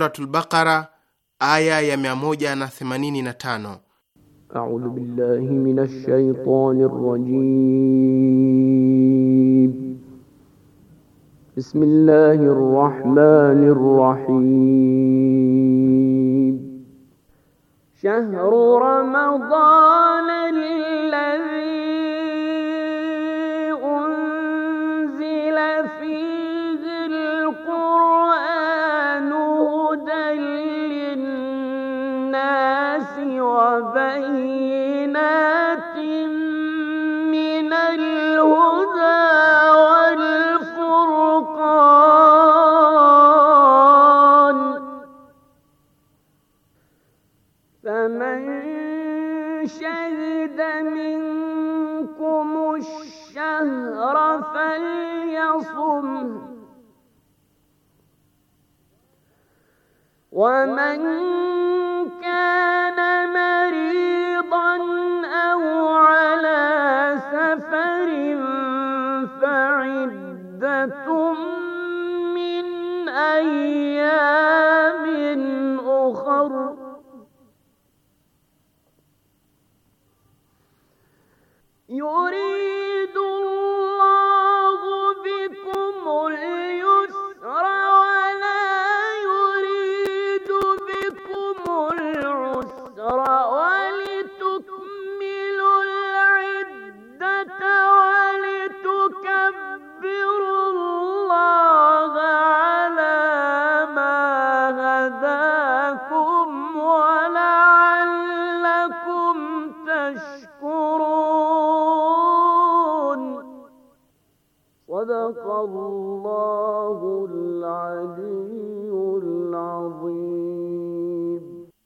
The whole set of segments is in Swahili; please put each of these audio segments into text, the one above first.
Suratul Baqara aya ya 185. A'udhu billahi minash shaitani rrajim. Bismillahir rahmanir rahim. Shahru Ramadan وبينات من الهدى والفرقان فمن شهد منكم الشهر فليصم ومن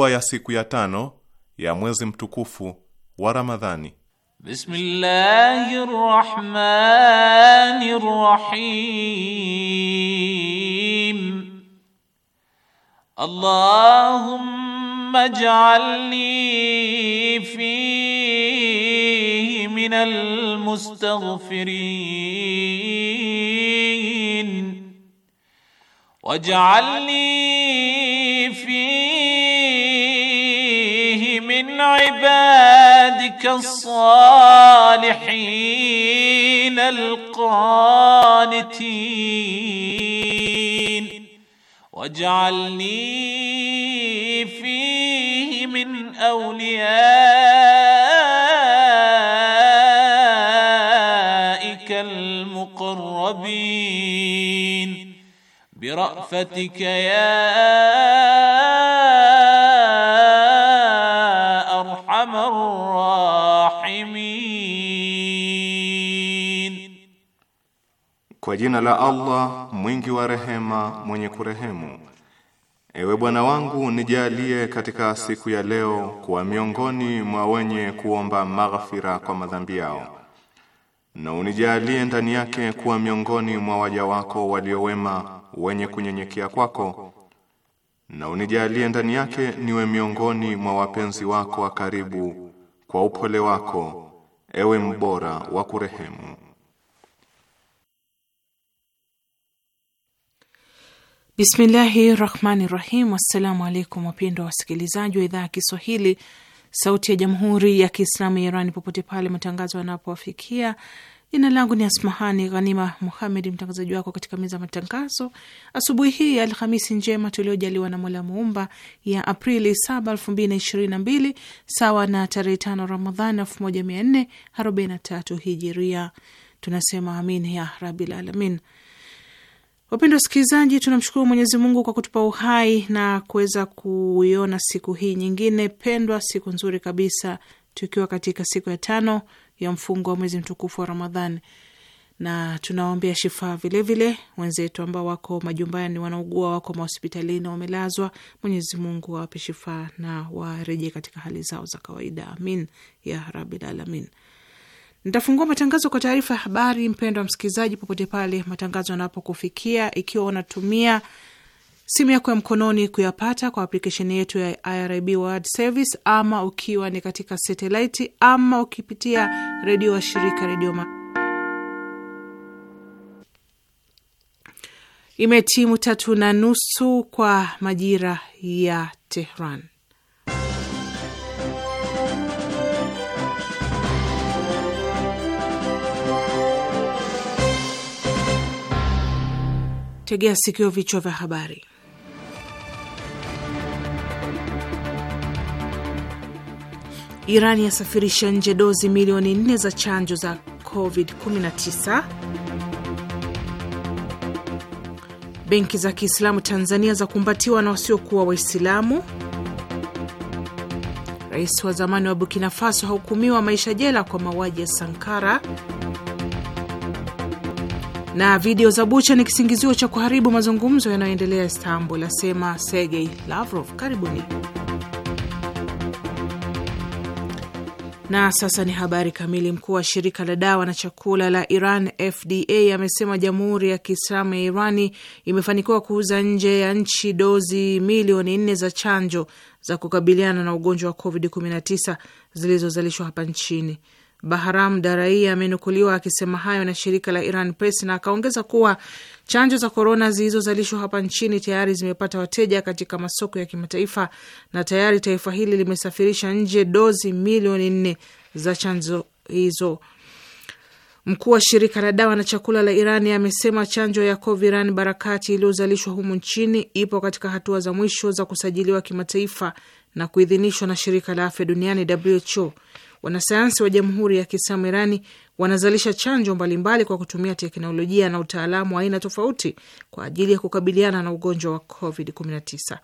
dua ya siku ya tano ya mwezi mtukufu wa Ramadhani. Bismillahir Rahmanir Rahim. Allahumma ij'alni fi minal mustaghfirin waj'alni من عبادك الصالحين القانتين واجعلني فيه من اوليائك المقربين برأفتك يا Kwa jina la Allah mwingi wa rehema mwenye kurehemu. Ewe Bwana wangu nijalie katika siku ya leo kuwa miongoni mwa wenye kuomba maghfira kwa madhambi yao, na unijalie ndani yake kuwa miongoni mwa waja wako waliowema wenye kunyenyekea kwako, na unijalie ndani yake niwe miongoni mwa wapenzi wako wa karibu kwa upole wako, ewe mbora wa kurehemu. Bismillahi rahmani rahim. Assalamu alaikum wapendwa wasikilizaji wa idhaa ya Kiswahili sauti ya jamhuri ya Kiislamu ya Iran popote pale matangazo yanapowafikia. Jina langu ni Asmahani Ghanima Muhamed, mtangazaji wako katika meza ya matangazo asubuhi hii ya Alhamisi njema tuliojaliwa na Mola Muumba, ya Aprili 7, 2022 sawa na tarehe 5 ramadhan 1443 Hijiria. Tunasema amin ya rabil alamin. Wapendwa wasikilizaji, tunamshukuru Mwenyezi Mungu kwa kutupa uhai na kuweza kuiona siku hii nyingine pendwa, siku nzuri kabisa, tukiwa katika siku ya tano ya mfungo wa mwezi mtukufu wa Ramadhani, na tunawaombea shifaa vilevile wenzetu ambao wako majumbani, wanaugua, wako mahospitalini, wamelazwa. Mwenyezi Mungu awape shifaa na warejee katika hali zao za kawaida, amin ya rabil alamin ntafungua matangazo kwa taarifa ya habari. Mpendwa msikilizaji, popote pale matangazo yanapokufikia, ikiwa unatumia simu yako ya mkononi kuyapata kwa aplikesheni yetu ya IRIB World Service, ama ukiwa ni katika satelaiti, ama ukipitia redio wa shirika redio ma... imetimu tatu na nusu kwa majira ya Tehran. Tegea sikio, vichwa vya habari. Irani yasafirisha nje dozi milioni nne za chanjo za COVID-19. Benki za Kiislamu Tanzania za kumbatiwa na wasiokuwa Waislamu. Rais wa zamani wa Burkina Faso hahukumiwa maisha jela kwa mauaji ya Sankara. Na video za Bucha ni kisingizio cha kuharibu mazungumzo yanayoendelea Istanbul, asema sergey Lavrov. Karibuni. Na sasa ni habari kamili. Mkuu wa shirika la dawa na chakula la Iran FDA amesema Jamhuri ya Kiislamu ya Irani imefanikiwa kuuza nje ya nchi dozi milioni nne za chanjo za kukabiliana na ugonjwa wa COVID-19 zilizozalishwa hapa nchini. Bahram Darai amenukuliwa akisema hayo na shirika la Iran Press na akaongeza kuwa chanjo za korona zilizozalishwa hapa nchini tayari zimepata wateja katika masoko ya kimataifa na tayari taifa hili limesafirisha nje dozi milioni nne za chanjo hizo. Mkuu wa shirika la dawa na chakula la Iran amesema chanjo ya Coviran Barakati iliyozalishwa humu nchini ipo katika hatua za mwisho za kusajiliwa kimataifa na kuidhinishwa na shirika la afya duniani WHO. Wanasayansi wa Jamhuri ya Kiislamu Irani wanazalisha chanjo mbalimbali kwa kutumia teknolojia na utaalamu wa aina tofauti kwa ajili ya kukabiliana na ugonjwa wa COVID-19.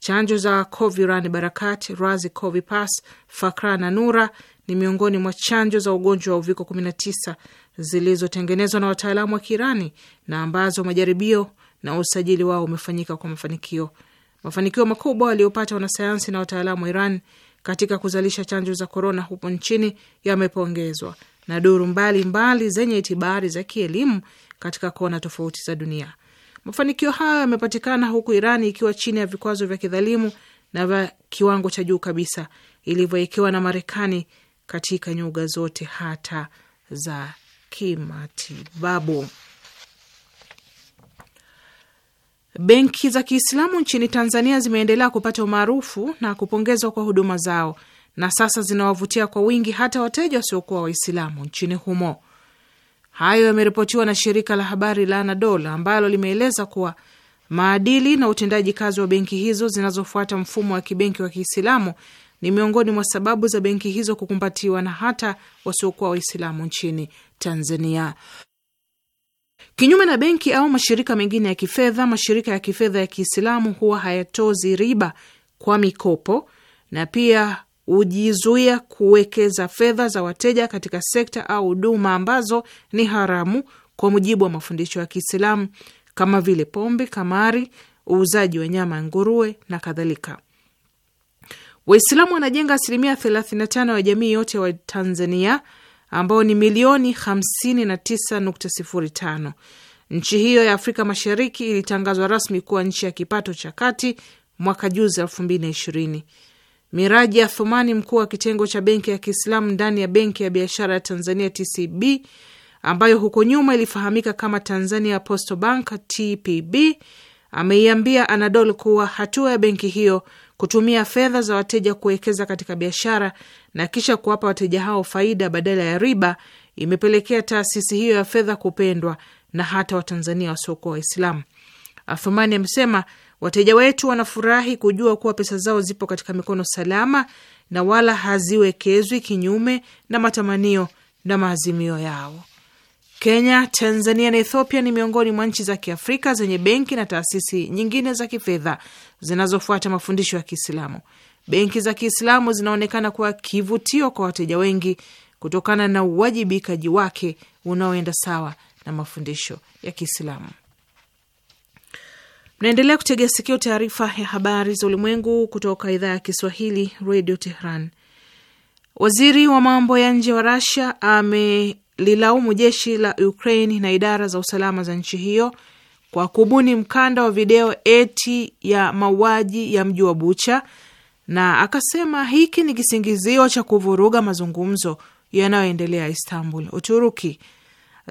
Chanjo za Coviran Barakat, Razi Covipass, Fakra na Nura ni miongoni mwa chanjo za ugonjwa wa uviko 19 zilizotengenezwa na wataalamu wa Kiirani na ambazo majaribio na usajili wao umefanyika kwa mafanikio. Mafanikio makubwa waliopata wanasayansi na wataalamu wa Iran katika kuzalisha chanjo za korona huko nchini yamepongezwa na duru mbalimbali zenye itibari za kielimu katika kona tofauti za dunia. Mafanikio hayo yamepatikana huku Irani ikiwa chini ya vikwazo vya kidhalimu na vya kiwango cha juu kabisa ilivyowekewa na Marekani katika nyuga zote hata za kimatibabu. Benki za Kiislamu nchini Tanzania zimeendelea kupata umaarufu na kupongezwa kwa huduma zao na sasa zinawavutia kwa wingi hata wateja wasiokuwa Waislamu nchini humo. Hayo yameripotiwa na shirika la habari la Anadolu ambalo limeeleza kuwa maadili na utendaji kazi wa benki hizo zinazofuata mfumo wa kibenki wa Kiislamu ni miongoni mwa sababu za benki hizo kukumbatiwa na hata wasiokuwa Waislamu nchini Tanzania. Kinyume na benki au mashirika mengine ya kifedha, mashirika ya kifedha ya Kiislamu huwa hayatozi riba kwa mikopo na pia hujizuia kuwekeza fedha za wateja katika sekta au huduma ambazo ni haramu kwa mujibu wa mafundisho ya Kiislamu kama vile pombe, kamari, uuzaji wa nyama ya nguruwe na kadhalika. Waislamu wanajenga asilimia 35 ya jamii yote wa Tanzania ambao ni milioni 59.05. Nchi hiyo ya Afrika Mashariki ilitangazwa rasmi kuwa nchi ya kipato cha kati mwaka juzi 2020. Miraji ya Athumani, mkuu wa kitengo cha benki ya Kiislamu ndani ya benki ya biashara ya Tanzania TCB, ambayo huko nyuma ilifahamika kama Tanzania Postal Bank TPB, ameiambia Anadolu kuwa hatua ya benki hiyo kutumia fedha za wateja kuwekeza katika biashara na kisha kuwapa wateja hao faida badala ya riba imepelekea taasisi hiyo ya fedha kupendwa na hata Watanzania wasiokuwa Waislamu. Athumani amesema wateja wetu wanafurahi kujua kuwa pesa zao zipo katika mikono salama na wala haziwekezwi kinyume na matamanio na maazimio yao. Kenya, Tanzania na Ethiopia ni miongoni mwa nchi za Kiafrika zenye benki na taasisi nyingine za kifedha zinazofuata mafundisho ya Kiislamu. Benki za Kiislamu zinaonekana kuwa kivutio kwa wateja wengi kutokana na uwajibikaji wake unaoenda sawa na mafundisho ya Kiislamu. Mnaendelea kutegea sikio taarifa ya habari za ulimwengu kutoka idhaa ya Kiswahili, Radio Tehran. Waziri wa mambo ya nje wa Rasia ame lilaumu jeshi la Ukraine na idara za usalama za nchi hiyo kwa kubuni mkanda wa video eti ya mauaji ya mji wa Bucha, na akasema hiki ni kisingizio cha kuvuruga mazungumzo yanayoendelea Istanbul, Uturuki.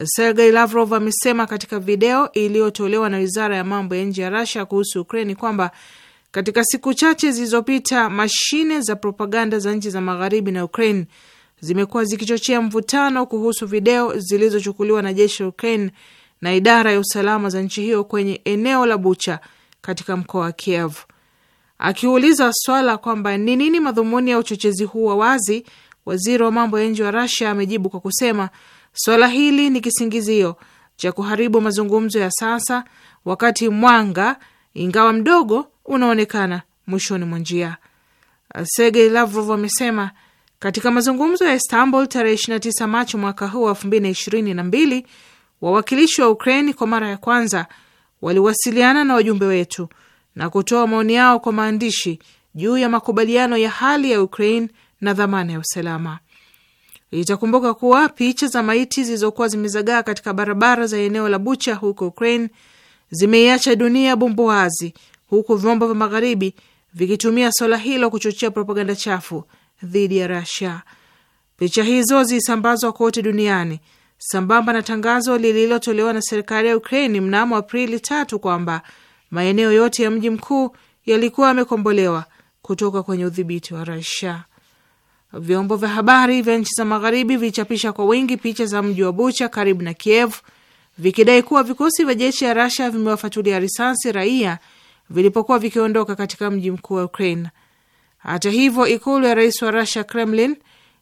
Sergei Lavrov amesema katika video iliyotolewa na wizara ya mambo ya nje ya Russia kuhusu Ukraine kwamba katika siku chache zilizopita mashine za propaganda za nchi za magharibi na Ukraine zimekuwa zikichochea mvutano kuhusu video zilizochukuliwa na jeshi la Ukraine na idara ya usalama za nchi hiyo kwenye eneo la Bucha katika mkoa wa Kiev. Akiuliza swala kwamba ni nini madhumuni ya uchochezi huu wa wazi, waziri wa mambo ya nje wa Russia amejibu kwa kusema swala hili ni kisingizio cha kuharibu mazungumzo ya sasa, wakati mwanga, ingawa mdogo, unaonekana mwishoni mwa njia. Sergei Lavrov amesema katika mazungumzo ya Istanbul tarehe 29 Machi mwaka huu wa 2022, wawakilishi wa Ukraine kwa mara ya kwanza waliwasiliana na wajumbe wetu na kutoa maoni yao kwa maandishi juu ya makubaliano ya hali ya Ukraine na dhamana ya usalama. Itakumbuka kuwa picha za maiti zilizokuwa zimezagaa katika barabara za eneo la Bucha huko Ukraine zimeiacha dunia bumbuazi, huku vyombo vya magharibi vikitumia swala hilo kuchochea propaganda chafu dhidi ya Rasia. Picha hizo zilisambazwa kote duniani sambamba na tangazo lililotolewa na serikali ya Ukraini mnamo Aprili tatu kwamba maeneo yote ya mji mkuu yalikuwa yamekombolewa kutoka kwenye udhibiti wa Rasia. Vyombo vya habari vya nchi za magharibi vilichapisha kwa wingi picha za mji wa Bucha karibu na Kiev vikidai kuwa vikosi vya jeshi ya Rasia vimewafatulia risasi raia vilipokuwa vikiondoka katika mji mkuu wa Ukraine. Hata hivyo, ikulu ya rais wa Rusia, Kremlin,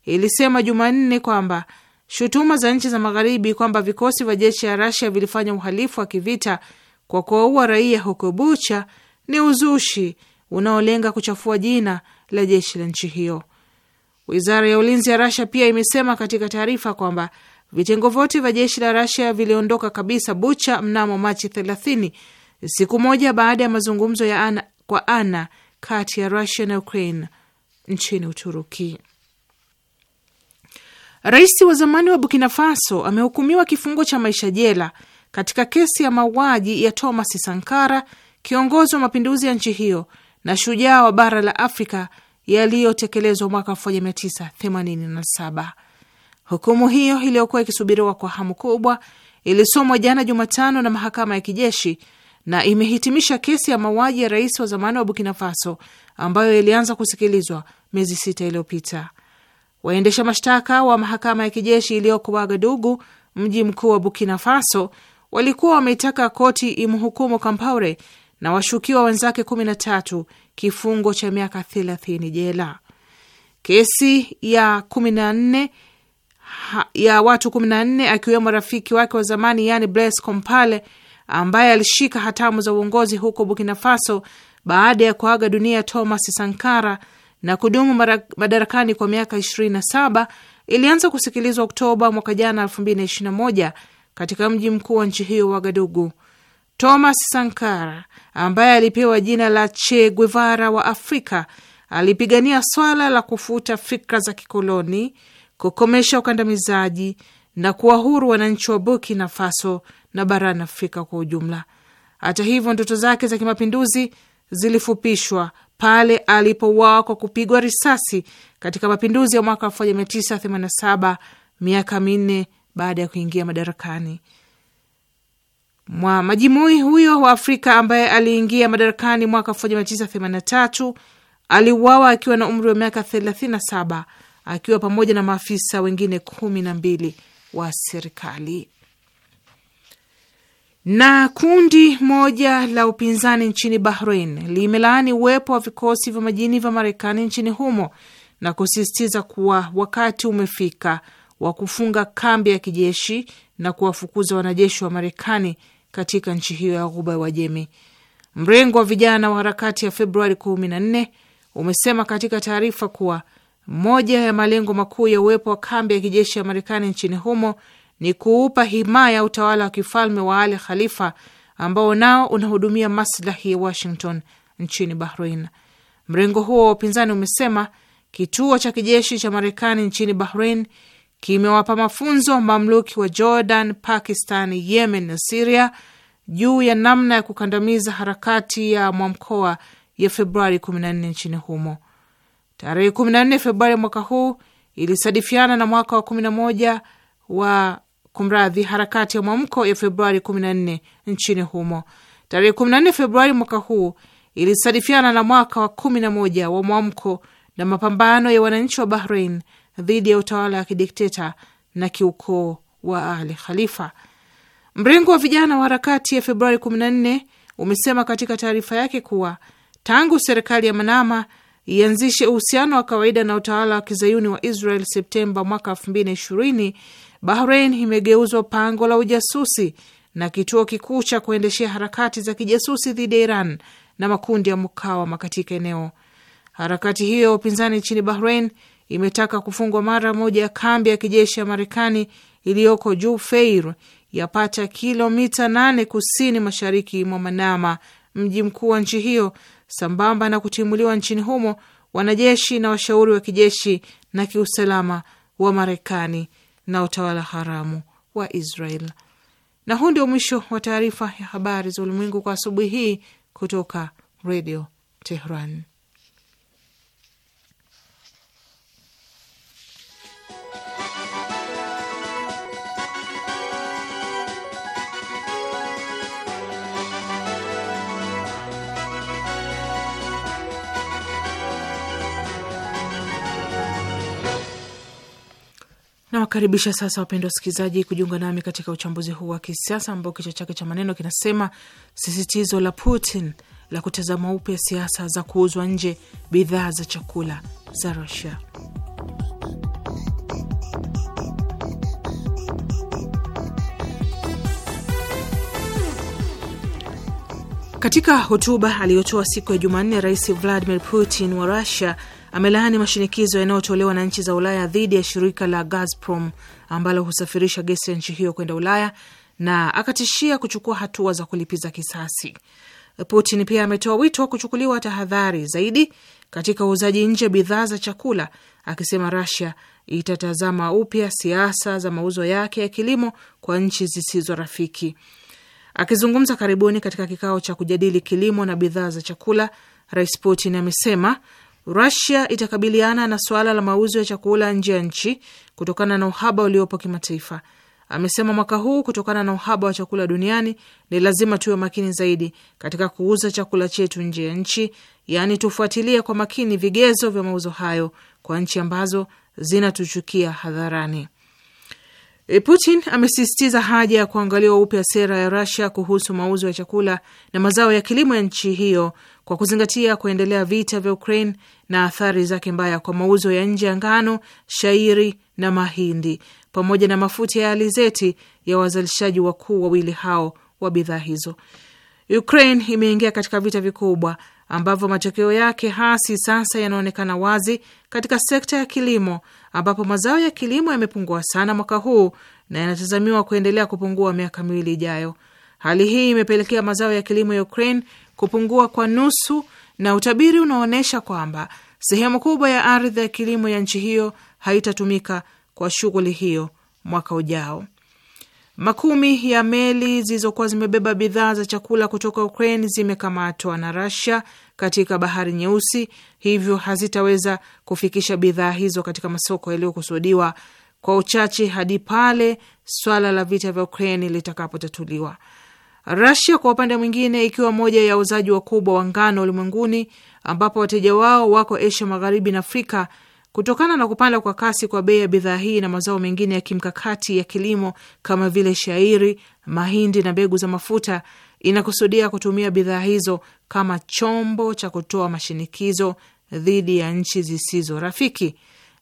ilisema Jumanne kwamba shutuma za nchi za magharibi kwamba vikosi vya jeshi ya Rusia vilifanya uhalifu wa kivita kwa kuwaua raia huko Bucha ni uzushi unaolenga kuchafua jina la jeshi la nchi hiyo. Wizara ya ulinzi ya rasia pia imesema katika taarifa kwamba vitengo vyote vya jeshi la rasia viliondoka kabisa Bucha mnamo Machi 30, siku moja baada ya mazungumzo ya ana kwa ana kati ya Rusia na Ukraine nchini Uturuki. Rais wa zamani wa Burkina Faso amehukumiwa kifungo cha maisha jela katika kesi ya mauaji ya Thomas Sankara, kiongozi wa mapinduzi ya nchi hiyo na shujaa wa bara la Afrika yaliyotekelezwa mwaka 1987. Hukumu hiyo iliyokuwa ikisubiriwa kwa hamu kubwa ilisomwa jana Jumatano na mahakama ya kijeshi na imehitimisha kesi ya mauaji ya rais wa zamani wa Burkina Faso ambayo ilianza kusikilizwa miezi sita iliyopita. Waendesha mashtaka wa mahakama ya kijeshi iliyoko Wagadugu, mji mkuu wa Burkina Faso, walikuwa wameitaka koti imhukumu Kampaure na washukiwa wenzake 13 kifungo cha miaka 30 jela. Kesi ya 14 ya watu 14 akiwemo rafiki wake wa zamani yani Blaise Compaore ambaye alishika hatamu za uongozi huko Burkina Faso baada ya kuaga dunia Thomas Sankara na kudumu madarakani kwa miaka 27 ilianza kusikilizwa Oktoba mwaka jana 2021 katika mji mkuu wa nchi hiyo Wagadugu. Thomas Sankara ambaye alipewa jina la Che Guevara wa Afrika alipigania swala la kufuta fikra za kikoloni, kukomesha ukandamizaji na kuwa huru wananchi wa Burkina Faso na barani Afrika kwa ujumla. Hata hivyo, ndoto zake za kimapinduzi zilifupishwa pale alipouawa kwa kupigwa risasi katika mapinduzi ya mwaka 1987 miaka minne baada ya kuingia madarakani. Mwa majimui huyo wa Afrika ambaye aliingia madarakani mwaka 1983 aliuawa akiwa na umri wa miaka 37 akiwa pamoja na maafisa wengine kumi na mbili wa serikali. Na kundi moja la upinzani nchini Bahrain limelaani uwepo wa vikosi vya majini vya Marekani nchini humo na kusisitiza kuwa wakati umefika wa kufunga kambi ya kijeshi na kuwafukuza wanajeshi wa Marekani katika nchi hiyo ya Ghuba ya Uajemi. Mrengo wa vijana wa harakati ya Februari 14 umesema katika taarifa kuwa moja ya malengo makuu ya uwepo wa kambi ya kijeshi ya Marekani nchini humo ni kuupa himaya utawala wa kifalme wa ale Khalifa ambao nao unahudumia maslahi ya Washington nchini Bahrain. Mrengo huo wa upinzani umesema kituo cha kijeshi cha Marekani nchini Bahrain kimewapa mafunzo mamluki wa Jordan, Pakistan, Yemen na Siria juu ya namna ya kukandamiza harakati ya mwamkoa ya Februari 14 nchini humo. Tarehe 14 Februari mwaka huu ilisadifiana na mwaka wa 11 wa kumradhi, harakati ya mwamko ya Februari 14 nchini humo. Tarehe 14 Februari mwaka huu ilisadifiana na mwaka wa 11 wa mwamko na mapambano ya wananchi wa Bahrain dhidi ya utawala wa kidikteta na kiukoo wa Ali Khalifa. Mrengo wa vijana wa harakati ya Februari 14 umesema katika taarifa yake kuwa tangu serikali ya Manama ianzishe uhusiano wa kawaida na utawala wa kizayuni wa Israel Septemba mwaka Bahrein imegeuzwa pango la ujasusi na kituo kikuu cha kuendeshea harakati za kijasusi dhidi ya Iran na makundi ya mukawama katika eneo. Harakati hiyo ya upinzani nchini Bahrein imetaka kufungwa mara moja ya kambi ya kijeshi ya Marekani iliyoko juu Feir, yapata kilomita 8 kusini mashariki mwa Manama, mji mkuu wa nchi hiyo, sambamba na kutimuliwa nchini humo wanajeshi na washauri wa kijeshi na kiusalama wa Marekani na utawala haramu wa Israel. Na huu ndio mwisho wa taarifa ya habari za ulimwengu kwa asubuhi hii kutoka Redio Tehran. Nawakaribisha sasa wapendwa wasikilizaji kujiunga nami katika uchambuzi huu wa kisiasa ambao kichwa chake cha maneno kinasema sisitizo la Putin la kutazama upya siasa za kuuzwa nje bidhaa za chakula za Rusia. Katika hotuba aliyotoa siku ya Jumanne, Rais Vladimir Putin wa Rusia amelaani mashinikizo yanayotolewa na nchi za Ulaya dhidi ya shirika la Gazprom ambalo husafirisha gesi ya nchi hiyo kwenda Ulaya na akatishia kuchukua hatua za kulipiza kisasi. Putin pia ametoa wito wa kuchukuliwa tahadhari zaidi katika uuzaji nje bidhaa za chakula, akisema Rasia itatazama upya siasa za mauzo yake ya kilimo kwa nchi zisizo rafiki. Akizungumza karibuni katika kikao cha kujadili kilimo na bidhaa za chakula, Rais Putin amesema Rusia itakabiliana na suala la mauzo ya chakula nje ya nchi kutokana na uhaba uliopo kimataifa. Amesema mwaka huu kutokana na uhaba wa chakula duniani ni lazima tuwe makini zaidi katika kuuza chakula chetu nje ya nchi, yaani tufuatilie kwa makini vigezo vya mauzo hayo kwa nchi ambazo zinatuchukia hadharani. E, Putin amesisitiza haja ya kuangaliwa upya sera ya Russia kuhusu mauzo ya chakula na mazao ya kilimo ya nchi hiyo kwa kuzingatia kuendelea vita vya Ukraine na athari zake mbaya kwa mauzo ya nje ya ngano, shairi na mahindi pamoja na mafuta ya alizeti ya wazalishaji wakuu wawili hao wa bidhaa hizo. Ukraine imeingia katika vita vikubwa ambavyo matokeo yake hasi sasa yanaonekana wazi katika sekta ya kilimo ambapo mazao ya kilimo yamepungua sana mwaka huu na yanatazamiwa kuendelea kupungua miaka miwili ijayo. Hali hii imepelekea mazao ya kilimo ya Ukraine kupungua kwa nusu, na utabiri unaonyesha kwamba sehemu kubwa ya ardhi ya kilimo ya nchi hiyo haitatumika kwa shughuli hiyo mwaka ujao. Makumi ya meli zilizokuwa zimebeba bidhaa za chakula kutoka Ukraine zimekamatwa na Russia katika bahari nyeusi, hivyo hazitaweza kufikisha bidhaa hizo katika masoko yaliyokusudiwa kwa uchache hadi pale swala la vita vya Ukraini litakapotatuliwa. Rasia kwa upande mwingine, ikiwa moja ya wauzaji wakubwa wa ngano ulimwenguni, ambapo wateja wao wako Asia magharibi na Afrika, kutokana na kupanda kwa kasi kwa bei ya bidhaa hii na mazao mengine ya kimkakati ya kilimo kama vile shairi, mahindi na mbegu za mafuta inakusudia kutumia bidhaa hizo kama chombo cha kutoa mashinikizo dhidi ya nchi zisizo rafiki.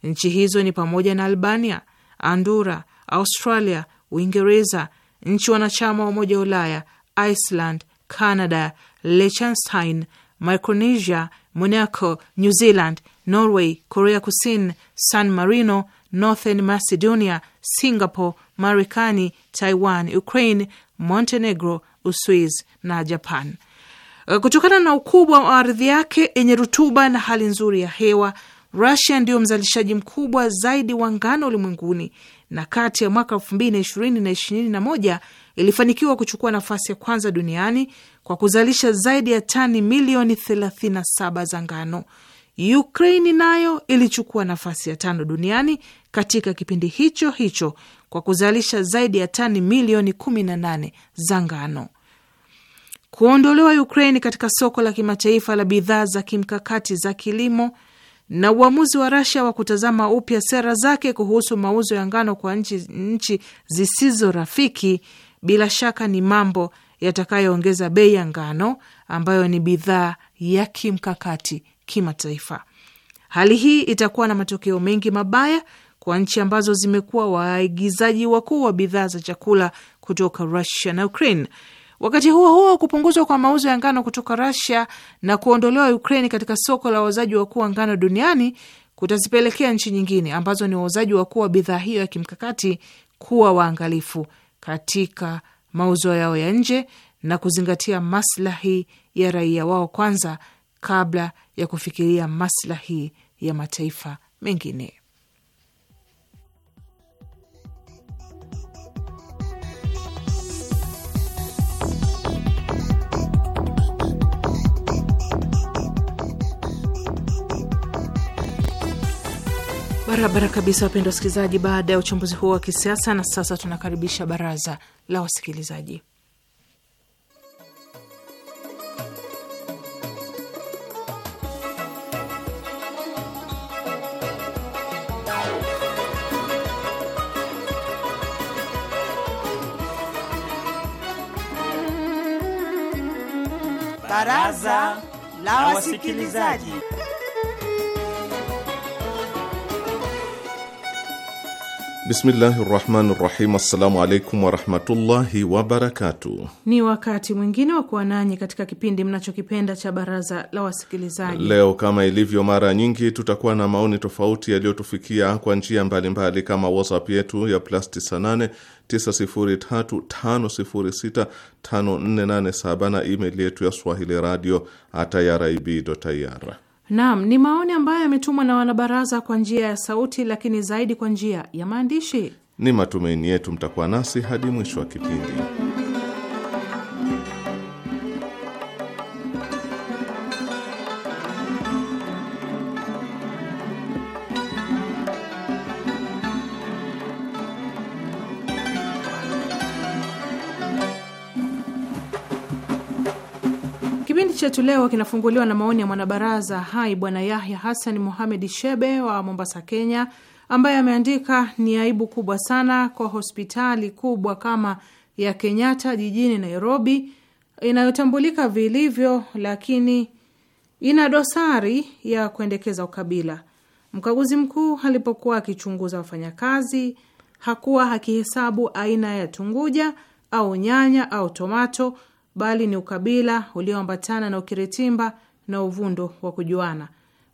Nchi hizo ni pamoja na Albania, Andura, Australia, Uingereza, nchi wanachama wa Umoja wa Ulaya, Iceland, Canada, Liechtenstein, Micronesia, Monaco, New Zealand, Norway, Korea Kusini, San Marino, Northern Macedonia, Singapore, Marekani, Taiwan, Ukraine, Montenegro, Uswiz na Japan. Uh, kutokana na ukubwa wa ardhi yake yenye rutuba na hali nzuri ya hewa, Rusia ndiyo mzalishaji mkubwa zaidi wa ngano ulimwenguni, na kati ya mwaka elfu mbili na ishirini na ishirini na moja ilifanikiwa kuchukua nafasi ya kwanza duniani kwa kuzalisha zaidi ya tani milioni 37 za ngano. Ukraini nayo ilichukua nafasi ya tano duniani katika kipindi hicho hicho kwa kuzalisha zaidi ya tani milioni 18 za ngano kuondolewa Ukraine katika soko la kimataifa la bidhaa za kimkakati za kilimo na uamuzi wa Russia wa kutazama upya sera zake kuhusu mauzo ya ngano kwa nchi, nchi zisizo rafiki bila shaka ni mambo yatakayoongeza bei ya ngano ambayo ni bidhaa ya kimkakati kimataifa. Hali hii itakuwa na matokeo mengi mabaya kwa nchi ambazo zimekuwa waigizaji wakuu wa bidhaa za chakula kutoka Russia na Ukraine Wakati huo huo, kupunguzwa kwa mauzo ya ngano kutoka rasia na kuondolewa ukraini katika soko la wauzaji wakuu wa ngano duniani kutazipelekea nchi nyingine ambazo ni wauzaji wakuu wa bidhaa hiyo ya kimkakati kuwa waangalifu katika mauzo yao ya nje na kuzingatia maslahi ya raia wao kwanza kabla ya kufikiria maslahi ya mataifa mengine. Barabara kabisa, wapendwa wasikilizaji. Baada ya uchambuzi huo wa kisiasa, na sasa tunakaribisha baraza la wasikilizaji. Baraza la wasikilizaji. Bismillahi rahmani rahim. Assalamu alaikum warahmatullahi wabarakatuh. Ni wakati mwingine wa kuwa nanyi katika kipindi mnachokipenda cha Baraza la Wasikilizaji. Leo kama ilivyo mara nyingi, tutakuwa na maoni tofauti yaliyotufikia kwa njia mbalimbali, kama WhatsApp yetu ya plus 98 9035065487 na email yetu ya swahili radio at Naam, ni maoni ambayo yametumwa na wanabaraza kwa njia ya sauti, lakini zaidi kwa njia ya maandishi. Ni matumaini yetu mtakuwa nasi hadi mwisho wa kipindi. chetu leo kinafunguliwa na maoni ya mwanabaraza hai Bwana Yahya Hassan Muhamed Shebe wa Mombasa, Kenya, ambaye ameandika ni aibu kubwa sana kwa hospitali kubwa kama ya Kenyatta jijini Nairobi inayotambulika vilivyo, lakini ina dosari ya kuendekeza ukabila. Mkaguzi mkuu alipokuwa akichunguza wafanyakazi hakuwa akihesabu aina ya tunguja au nyanya au tomato bali ni ukabila ulioambatana na ukiritimba na uvundo wa kujuana.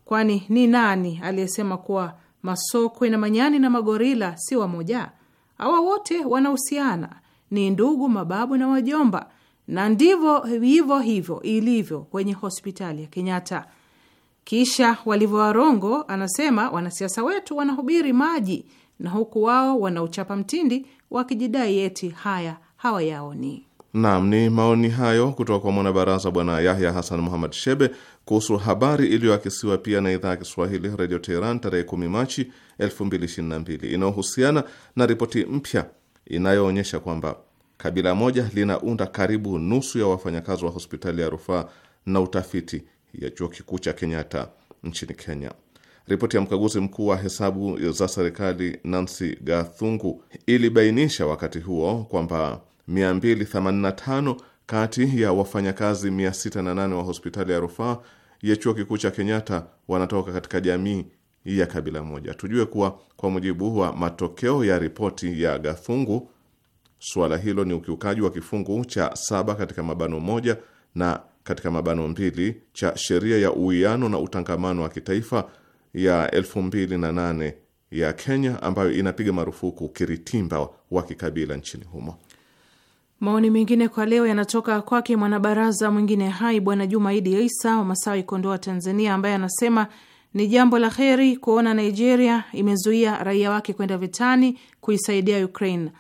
Kwani ni nani aliyesema kuwa masokwe na manyani na magorila si wamoja? Hawa wote wanahusiana, ni ndugu, mababu na wajomba, na ndivyo hivyo hivyo ilivyo kwenye hospitali ya Kenyatta. Kisha walivyo warongo, anasema wanasiasa wetu wanahubiri maji na huku wao wanauchapa mtindi wakijidai eti haya hawayaoni. Naam, ni maoni hayo kutoka kwa mwanabaraza Bwana Yahya Hasan Muhammad Shebe kuhusu habari iliyoakisiwa pia na idhaa ya Kiswahili Redio Teheran tarehe 10 Machi 2022 inayohusiana na ripoti mpya inayoonyesha kwamba kabila moja linaunda karibu nusu ya wafanyakazi wa hospitali ya rufaa na utafiti ya chuo kikuu cha Kenyatta nchini Kenya. Ripoti ya mkaguzi mkuu wa hesabu za serikali Nancy Gathungu ilibainisha wakati huo kwamba 285 kati ya wafanyakazi 608 wa hospitali ya rufaa ya chuo kikuu cha Kenyatta wanatoka katika jamii ya kabila moja. Tujue kuwa kwa mujibu wa matokeo ya ripoti ya Gathungu, suala hilo ni ukiukaji wa kifungu cha saba katika mabano moja na katika mabano mbili cha sheria ya uwiano na utangamano wa kitaifa ya nane ya Kenya ambayo inapiga marufuku kiritimba wa kikabila nchini humo. Maoni mengine kwa leo yanatoka kwake mwanabaraza mwingine hai Bwana Juma Idi Isa wa Masawi, Kondoa, Tanzania, ambaye anasema ni jambo la heri kuona Nigeria imezuia raia wake kwenda vitani kuisaidia Ukraine.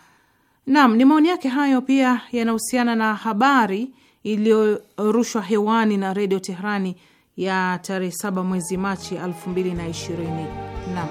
Naam, ni maoni yake hayo. Pia yanahusiana na habari iliyorushwa hewani na Redio Teherani ya tarehe 7 mwezi Machi 2020 na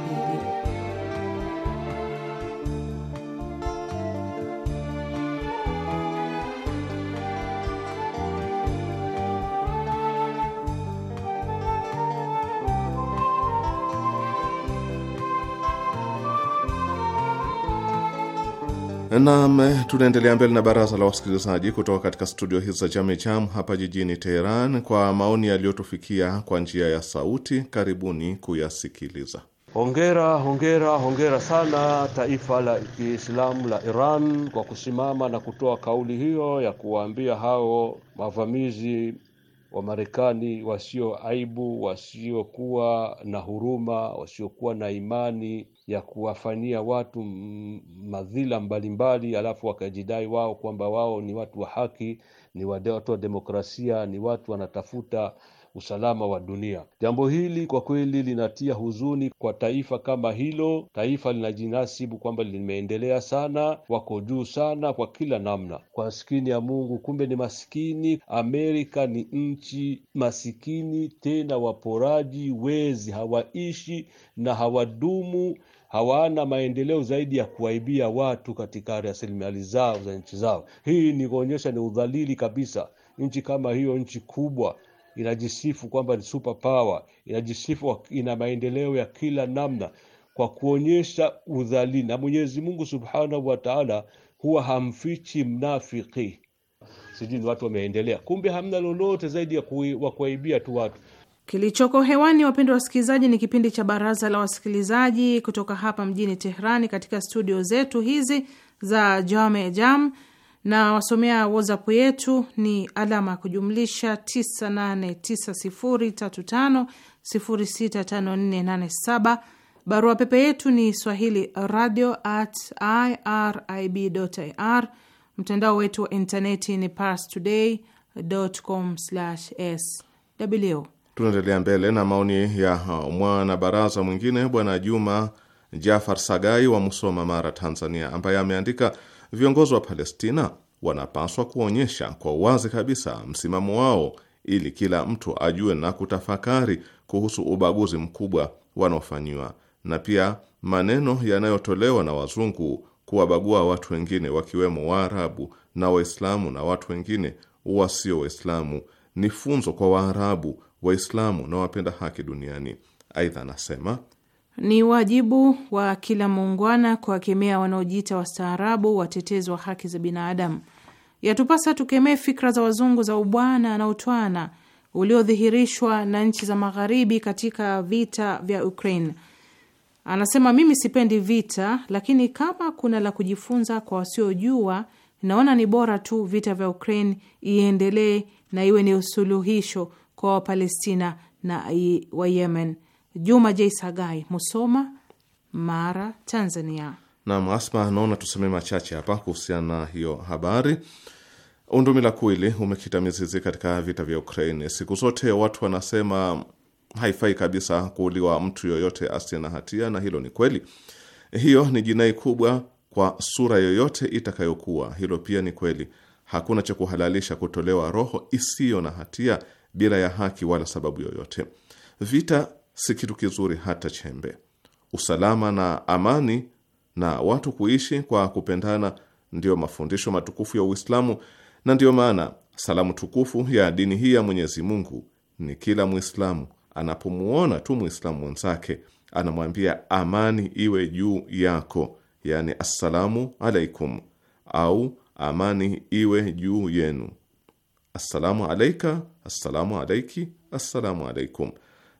Naam, eh, tunaendelea mbele na baraza la wasikilizaji kutoka katika studio hizi za Jamejam hapa jijini Teheran, kwa maoni yaliyotufikia kwa njia ya sauti. Karibuni kuyasikiliza. Hongera, hongera, hongera sana taifa la Kiislamu la Iran kwa kusimama na kutoa kauli hiyo ya kuwaambia hao mavamizi wa Marekani wasio aibu, wasiokuwa na huruma, wasiokuwa na imani ya kuwafanyia watu madhila mbalimbali, alafu wakajidai wao kwamba wao ni watu wa haki, ni watu wa demokrasia, ni watu wanatafuta usalama wa dunia. Jambo hili kwa kweli linatia huzuni kwa taifa kama hilo. Taifa linajinasibu kwamba limeendelea sana, wako juu sana kwa kila namna, kwa maskini ya Mungu, kumbe ni maskini. Amerika ni nchi masikini, tena waporaji, wezi, hawaishi na hawadumu hawana maendeleo zaidi ya kuwaibia watu katika rasilimali zao za nchi zao. Hii ni kuonyesha ni udhalili kabisa. Nchi kama hiyo, nchi kubwa inajisifu kwamba ni super power, inajisifu ina maendeleo ya kila namna, kwa kuonyesha udhalili. Na Mwenyezi Mungu Subhanahu wa Ta'ala huwa hamfichi mnafiki. Sijui watu wameendelea, kumbe hamna lolote zaidi ya kuwaibia tu watu. Kilichoko hewani, wapendwa wasikilizaji, ni kipindi cha Baraza la Wasikilizaji kutoka hapa mjini Tehrani, katika studio zetu hizi za Jame Jam na wasomea WhatsApp yetu ni alama ya kujumlisha 989035065487. Barua pepe yetu ni swahili radio at irib ir. Mtandao wetu wa intaneti ni parstoday com sw Tunaendelea mbele na maoni ya uh, mwanabaraza mwingine bwana Juma Jafar Sagai wa Musoma, Mara, Tanzania, ambaye ameandika viongozi wa Palestina wanapaswa kuonyesha kwa uwazi kabisa msimamo wao ili kila mtu ajue na kutafakari kuhusu ubaguzi mkubwa wanaofanyiwa na pia maneno yanayotolewa na wazungu kuwabagua watu wengine wakiwemo Waarabu na Waislamu na watu wengine wasio Waislamu ni funzo kwa Waarabu Waislamu na wapenda haki duniani. Aidha anasema ni wajibu wa kila muungwana kuwakemea wanaojiita wastaarabu, watetezi wa haki za binadamu. Yatupasa tukemee fikra za wazungu za ubwana na utwana uliodhihirishwa na nchi za magharibi katika vita vya Ukraine. Anasema, mimi sipendi vita, lakini kama kuna la kujifunza kwa wasiojua, naona ni bora tu vita vya Ukraine iendelee na iwe ni usuluhisho kwa Wapalestina na wa Yemen. Juma J Sagai, Musoma, Mara, Tanzania. Naam, Asma, naona tuseme machache hapa kuhusiana na hiyo habari. Undumila kuili umekita mizizi katika vita vya Ukraini. Siku zote watu wanasema haifai kabisa kuuliwa mtu yoyote asiye na hatia, na hilo ni kweli. Hiyo ni jinai kubwa kwa sura yoyote itakayokuwa. Hilo pia ni kweli. Hakuna cha kuhalalisha kutolewa roho isiyo na hatia bila ya haki wala sababu yoyote. Vita si kitu kizuri hata chembe. Usalama na amani na watu kuishi kwa kupendana ndiyo mafundisho matukufu ya Uislamu, na ndiyo maana salamu tukufu ya dini hii ya Mwenyezi Mungu ni kila Mwislamu anapomuona tu Mwislamu mwenzake anamwambia amani iwe juu yako, yani assalamu alaikum, au amani iwe juu yenu assalamu alaika, assalamu alaiki, assalamu alaikum.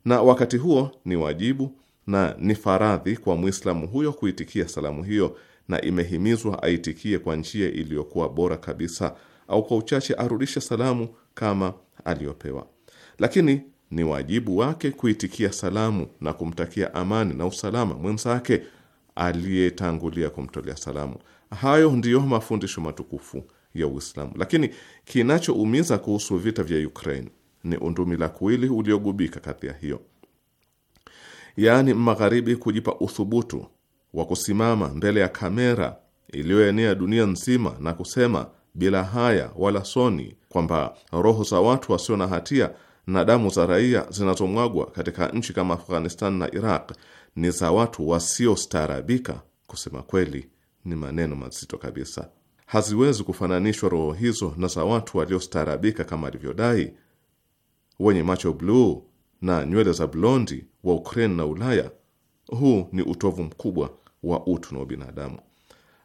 Na wakati huo ni wajibu na ni faradhi kwa Mwislamu huyo kuitikia salamu hiyo, na imehimizwa aitikie kwa njia iliyokuwa bora kabisa, au kwa uchache arudishe salamu kama aliyopewa, lakini ni wajibu wake kuitikia salamu na kumtakia amani na usalama mwenzake aliyetangulia kumtolea salamu. Hayo ndiyo mafundisho matukufu ya Uislamu. Lakini kinachoumiza kuhusu vita vya Ukraine ni undumi la kuili uliogubika kadhia hiyo, yaani magharibi kujipa uthubutu wa kusimama mbele ya kamera iliyoenea dunia nzima na kusema bila haya wala soni kwamba roho za watu wasio na hatia na damu za raia zinazomwagwa katika nchi kama Afghanistan na Iraq ni za watu wasiostaarabika. Kusema kweli, ni maneno mazito kabisa haziwezi kufananishwa roho hizo na za watu waliostaarabika kama alivyodai, wenye macho bluu na nywele za blondi wa Ukraine na Ulaya. Huu ni utovu mkubwa wa utu na ubinadamu.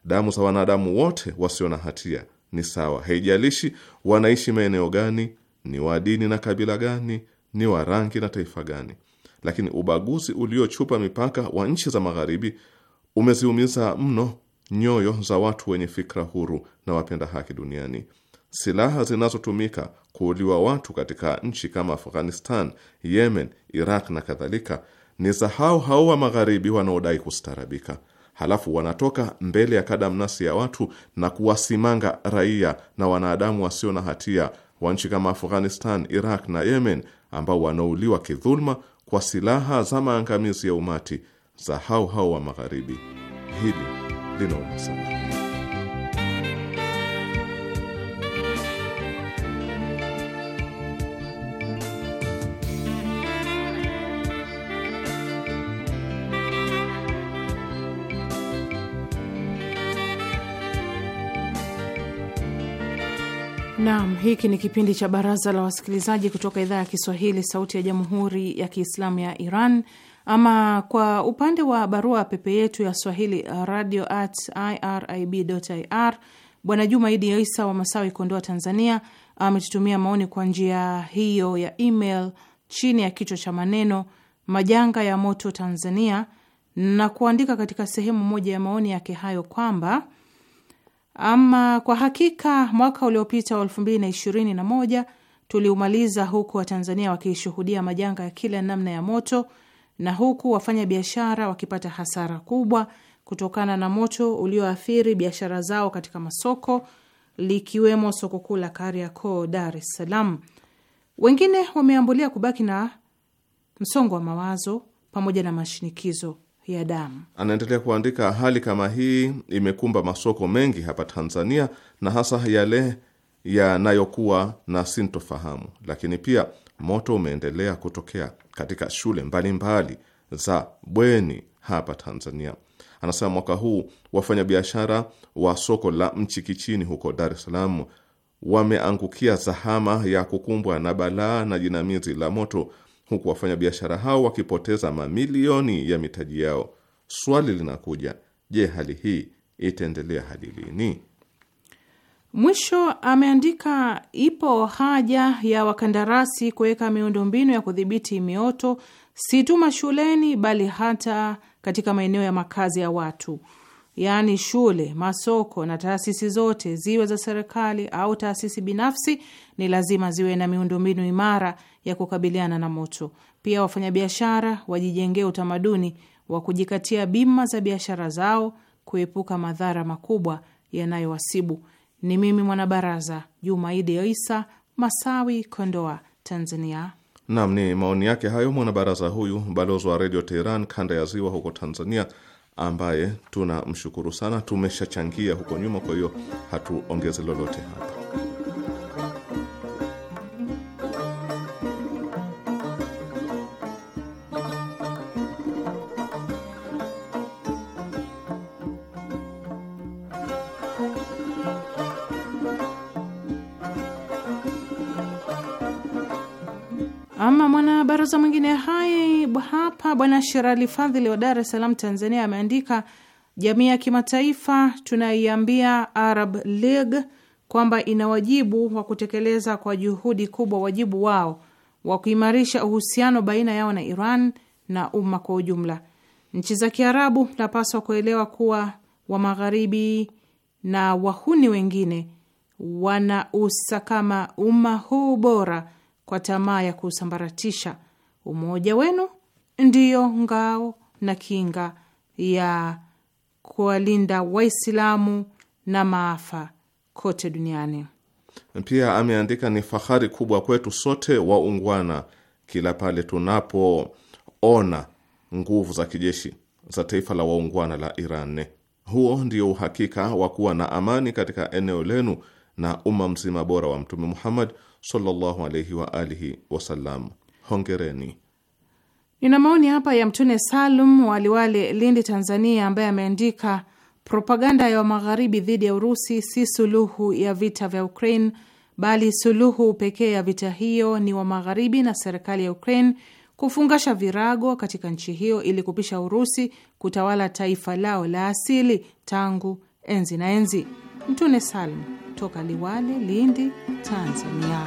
Damu za wanadamu wote wasio na hatia ni sawa, haijalishi wanaishi maeneo gani, ni wa dini na kabila gani, ni wa rangi na taifa gani. Lakini ubaguzi uliochupa mipaka wa nchi za Magharibi umeziumiza mno nyoyo za watu wenye fikra huru na wapenda haki duniani. Silaha zinazotumika kuuliwa watu katika nchi kama Afghanistan, Yemen, Iraq na kadhalika ni za hao hao wa magharibi wanaodai kustarabika, halafu wanatoka mbele ya kadamnasi ya watu na kuwasimanga raia na wanadamu wasio na hatia wa nchi kama Afghanistan, Iraq na Yemen, ambao wanauliwa kidhuluma kwa silaha za maangamizi ya umati za hao hao wa magharibi. Hili linaumasa. Naam, hiki ni kipindi cha Baraza la Wasikilizaji kutoka idhaa ya Kiswahili, Sauti ya Jamhuri ya Kiislamu ya Iran ama kwa upande wa barua pepe yetu ya Swahili uh, radio at irib ir, Bwana Juma Idi Isa wa Masawi, Kondoa, Tanzania, ametutumia maoni kwa njia hiyo ya email chini ya kichwa cha maneno majanga ya moto Tanzania, na kuandika katika sehemu moja ya maoni yake hayo kwamba ama kwa hakika mwaka uliopita wa elfu mbili na ishirini na moja tuliumaliza huku Watanzania wakishuhudia majanga ya kila namna ya moto na huku wafanya biashara wakipata hasara kubwa kutokana na moto ulioathiri biashara zao katika masoko likiwemo soko kuu la Kariakoo, Dar es Salaam. Wengine wameambulia kubaki na msongo wa mawazo pamoja na mashinikizo ya damu. Anaendelea kuandika, hali kama hii imekumba masoko mengi hapa Tanzania na hasa yale yanayokuwa na sintofahamu, lakini pia moto umeendelea kutokea katika shule mbalimbali mbali za bweni hapa Tanzania. Anasema mwaka huu wafanyabiashara wa soko la Mchikichini huko Dar es Salaam wameangukia zahama ya kukumbwa na balaa na jinamizi la moto, huku wafanyabiashara hao wakipoteza mamilioni ya mitaji yao. Swali linakuja, je, hali hii itaendelea hadi lini? Mwisho ameandika ipo haja ya wakandarasi kuweka miundombinu ya kudhibiti mioto si tu mashuleni, bali hata katika maeneo ya makazi ya watu, yaani shule, masoko na taasisi zote, ziwe za serikali au taasisi binafsi, ni lazima ziwe na miundombinu imara ya kukabiliana na moto. Pia wafanyabiashara wajijengee utamaduni wa kujikatia bima za biashara zao, kuepuka madhara makubwa yanayowasibu. Ni mimi mwanabaraza Jumaidi ya Isa Masawi, Kondoa, Tanzania. Nam, ni maoni yake hayo mwanabaraza huyu balozi wa redio Teheran kanda ya Ziwa huko Tanzania, ambaye tunamshukuru sana. Tumeshachangia huko nyuma, kwa hiyo hatuongeze lolote hapa. hapa bwana Sherali Fadhili wa Dar es Salaam, Tanzania, ameandika jamii ya kimataifa tunaiambia Arab League kwamba ina wajibu wa kutekeleza kwa juhudi kubwa wajibu wao wa kuimarisha uhusiano baina yao na Iran na umma kwa ujumla. Nchi za Kiarabu napaswa kuelewa kuwa wa Magharibi na wahuni wengine kama umma huu bora kwa tamaa ya kuusambaratisha. Umoja wenu ndiyo ngao na kinga ya kuwalinda Waislamu na maafa kote duniani. Pia ameandika, ni fahari kubwa kwetu sote waungwana kila pale tunapoona nguvu za kijeshi za taifa la waungwana la Iran. Huo ndio uhakika wa kuwa na amani katika eneo lenu na umma mzima bora wa Mtume Muhammad sallallahu alaihi wa alihi wasallam. Hongereni. Nina maoni hapa ya Mtune Salum wa Liwale, Lindi, Tanzania, ambaye ameandika propaganda ya Magharibi dhidi ya Urusi si suluhu ya vita vya Ukraine, bali suluhu pekee ya vita hiyo ni wa Magharibi na serikali ya Ukraine kufungasha virago katika nchi hiyo ili kupisha Urusi kutawala taifa lao la asili tangu enzi na enzi. Mtune Salum toka Liwale, Lindi, Tanzania.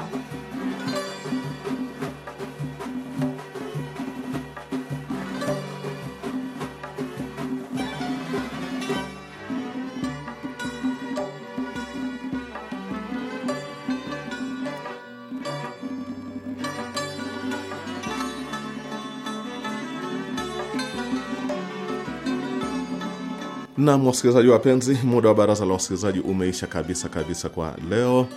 Nam, wasikilizaji wapenzi, muda wa baraza la wasikilizaji umeisha kabisa kabisa kwa leo.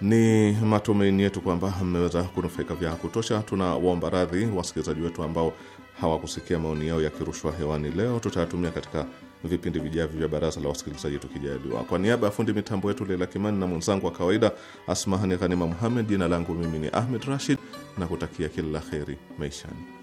Ni matumaini yetu kwamba mmeweza kunufaika vya kutosha. Tunawaomba radhi wasikilizaji wetu ambao hawakusikia maoni yao yakirushwa hewani leo. Tutayatumia katika vipindi vijavyo vya baraza la wasikilizaji tukijaliwa. Kwa niaba ya fundi mitambo yetu Leila Kimani na mwenzangu wa kawaida Asmahani Ghanima Muhammed, jina langu mimi ni Ahmed Rashid na kutakia kila la kheri maishani.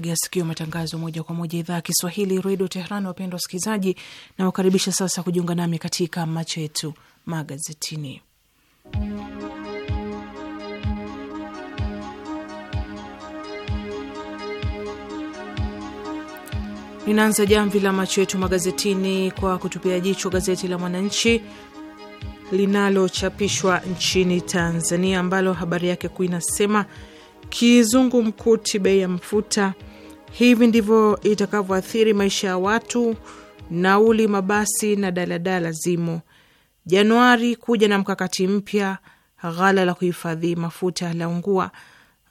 kutegea sikio matangazo moja kwa moja idhaa ya Kiswahili redio Tehran. Wapendwa wasikilizaji, nawakaribisha sasa kujiunga nami katika macho yetu magazetini. Ninaanza jamvi la macho yetu magazetini kwa kutupia jicho gazeti la Mwananchi linalochapishwa nchini Tanzania, ambalo habari yake kuu inasema kizungu mkuti bei ya mfuta Hivi ndivyo itakavyoathiri maisha ya watu, nauli, mabasi na daladala zimo. Januari kuja na mkakati mpya, ghala la kuhifadhi mafuta laungua.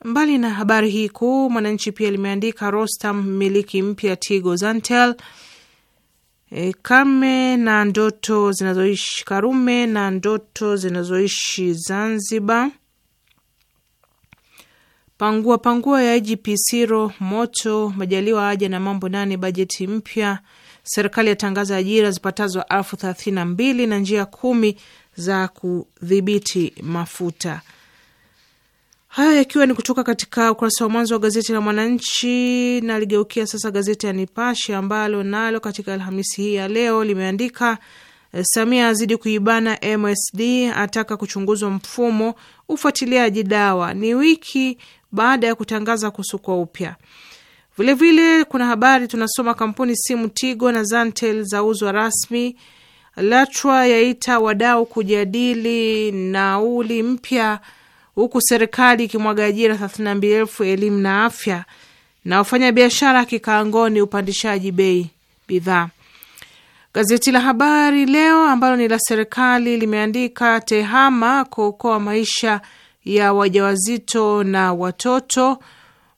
Mbali na habari hii kuu, Mwananchi pia limeandika Rostam miliki mpya Tigo Zantel. E, kame na ndoto zinazoishi Karume na ndoto zinazoishi Zanzibar pangua pangua ya IGP Siro moto Majaliwa aja na mambo nane, bajeti mpya, serikali yatangaza ajira zipatazo elfu thelathini na mbili na njia kumi za kudhibiti mafuta. Hayo yakiwa ni kutoka katika ukurasa wa mwanzo wa gazeti la Mwananchi. Na ligeukia sasa gazeti ya Nipashe ambalo nalo katika Alhamisi hii ya leo limeandika Samia azidi kuibana MSD, ataka kuchunguzwa mfumo ufuatiliaji dawa. Ni wiki baada ya kutangaza kusukwa upya. Vilevile kuna habari tunasoma, kampuni simu Tigo na Zantel zauzwa rasmi. LATRA yaita wadau kujadili nauli mpya, huku serikali ikimwaga ajira 32,000 elimu na afya, na wafanyabiashara kikaangoni upandishaji bei bidhaa. Gazeti la Habari Leo ambalo ni la serikali limeandika TEHAMA kuokoa maisha ya wajawazito na watoto,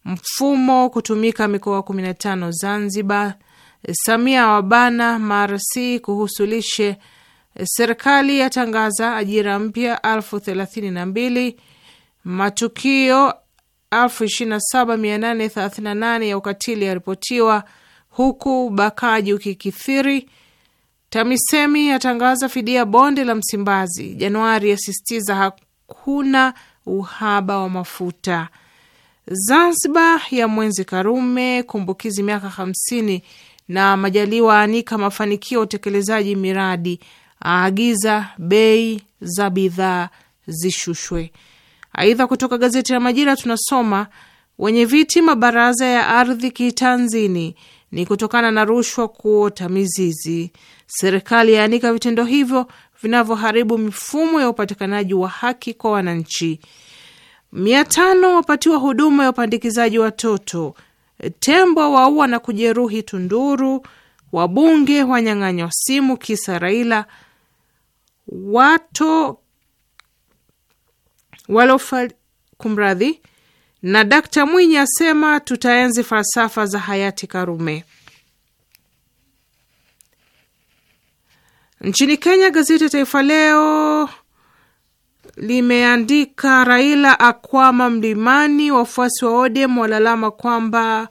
mfumo kutumika mikoa 15 Zanzibar, Samia wabana marc kuhusu lishe, serikali yatangaza ajira mpya elfu thelathini na mbili, matukio elfu ishirini na saba mia nane thelathini na nane ya ukatili yaripotiwa huku bakaji ukikithiri. TAMISEMI yatangaza fidia bonde la Msimbazi. Januari yasisitiza hakuna uhaba wa mafuta. Zanzibar ya mwenzi Karume kumbukizi miaka hamsini na Majaliwa anika mafanikio ya utekelezaji miradi, aagiza bei za bidhaa zishushwe. Aidha, kutoka gazeti la Majira tunasoma wenye viti mabaraza ya ardhi kitanzini ni kutokana na rushwa kuota mizizi. Serikali yaanika vitendo hivyo vinavyoharibu mifumo ya upatikanaji wa haki kwa wananchi. mia tano wapatiwa huduma ya upandikizaji watoto. Tembo waua na kujeruhi tunduru. Wabunge wanyang'anywa simu kisa Raila. Wato walofa kumradhi. Na Dakta Mwinyi asema tutaenzi falsafa za hayati Karume. Nchini Kenya, gazeti Taifa Leo limeandika Raila akwama mlimani, wafuasi wa ODM walalama kwamba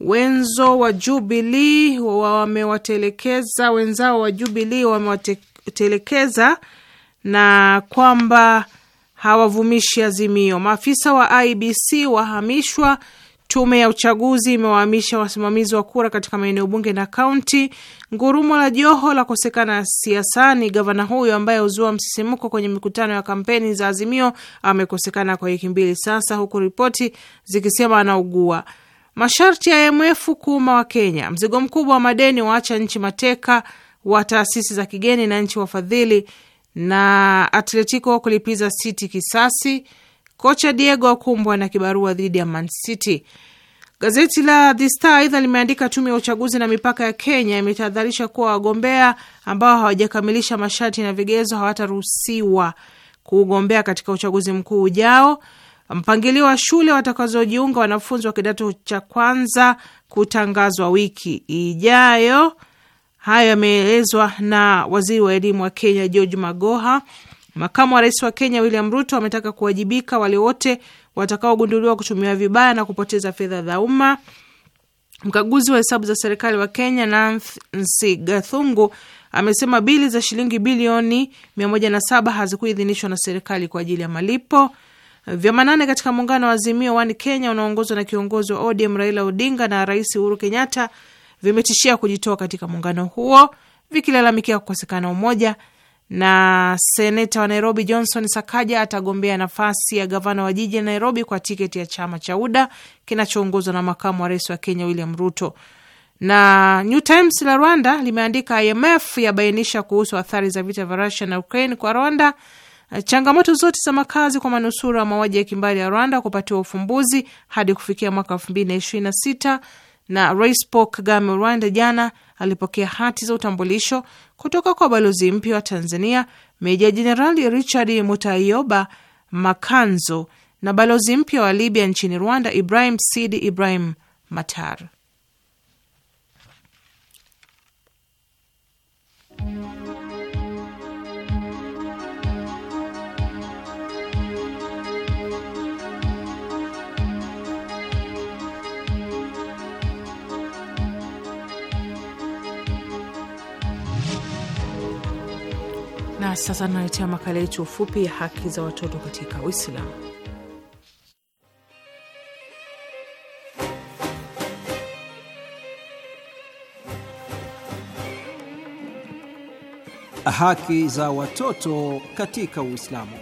wenzo wa Jubilii wamewatelekeza, wenzao wa Jubilii wamewatelekeza na kwamba hawavumishi azimio. Maafisa wa IBC wahamishwa Tume ya uchaguzi imewahamisha wasimamizi wa kura katika maeneo bunge na kaunti. Ngurumo la Joho la kosekana siasani. Gavana huyo ambaye huzua msisimko kwenye mikutano ya kampeni za Azimio amekosekana kwa wiki mbili sasa, huku ripoti zikisema anaugua. Masharti ya IMF kuuma wa Kenya. Mzigo mkubwa wa madeni waacha nchi mateka wa taasisi za kigeni na nchi wafadhili. Na Atletico kulipiza City kisasi. Kocha Diego akumbwa na kibarua dhidi ya Man City. Gazeti la The Star aidha limeandika tume ya uchaguzi na mipaka ya Kenya imetahadharisha kuwa wagombea ambao hawajakamilisha masharti na vigezo hawataruhusiwa kugombea katika uchaguzi mkuu ujao. Mpangilio wa shule watakazojiunga wanafunzi wa kidato cha kwanza kutangazwa wiki ijayo. Hayo yameelezwa na waziri wa elimu wa Kenya George Magoha Makamu wa rais wa Kenya William Ruto ametaka kuwajibika wale wote watakaogunduliwa kutumia vibaya na kupoteza fedha za umma. Mkaguzi wa hesabu za serikali wa Kenya Nancy Gathungu amesema bili za shilingi bilioni 107 hazikuidhinishwa na serikali kwa ajili ya malipo. Vyama nane katika muungano wa Azimio One Kenya unaoongozwa na kiongozi wa ODM Raila Odinga na Rais Uhuru Kenyatta vimetishia kujitoa katika muungano huo vikilalamikia kukosekana umoja na seneta wa Nairobi Johnson Sakaja atagombea nafasi ya gavana wa jiji la Nairobi kwa tiketi ya chama cha UDA kinachoongozwa na makamu wa rais wa Kenya William Ruto. Na New Times la Rwanda limeandika IMF yabainisha kuhusu athari za vita vya Rusia na Ukraine kwa Rwanda. Changamoto zote za makazi kwa manusura wa mauaji ya kimbari ya Rwanda kupatiwa ufumbuzi hadi kufikia mwaka elfu mbili na ishirini na sita. Na Rais Paul Kagame Rwanda jana alipokea hati za utambulisho kutoka kwa balozi mpya wa Tanzania Meja Jenerali Richard mutayoba Makanzo na balozi mpya wa Libya nchini Rwanda Ibrahim Sidi Ibrahim Matar. Na sasa tunaletea makala yetu fupi ya haki za watoto katika Uislamu. Haki za watoto katika Uislamu.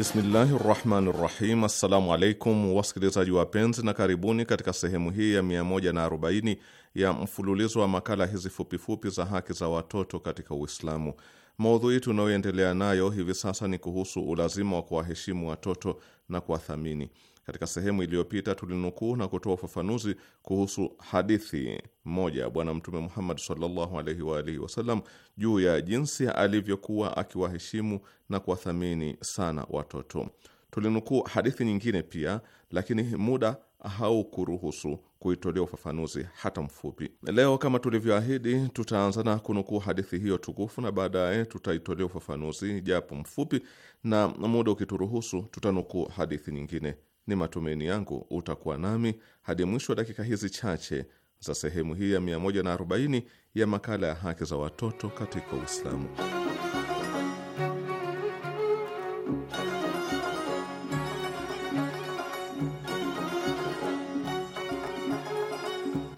Bismillahi rahmani rahim. Assalamu alaikum wasikilizaji wapenzi, na karibuni katika sehemu hii ya 140 ya mfululizo wa makala hizi fupifupi za haki za watoto katika Uislamu. Maudhui tunayoendelea nayo hivi sasa ni kuhusu ulazima wa kuwaheshimu watoto na kuwathamini. Katika sehemu iliyopita tulinukuu na kutoa ufafanuzi kuhusu hadithi moja Bwana Mtume Muhammad sallallahu alaihi wa alihi wasallam juu ya jinsi alivyokuwa akiwaheshimu na kuwathamini sana watoto. Tulinukuu hadithi nyingine pia, lakini muda haukuruhusu kuitolea ufafanuzi hata mfupi. Leo kama tulivyoahidi, tutaanza na kunukuu hadithi hiyo tukufu na baadaye tutaitolea ufafanuzi japo mfupi, na muda ukituruhusu tutanukuu hadithi nyingine. Ni matumaini yangu utakuwa nami hadi mwisho wa dakika hizi chache za sehemu hii ya 140 ya makala ya haki za watoto katika Uislamu.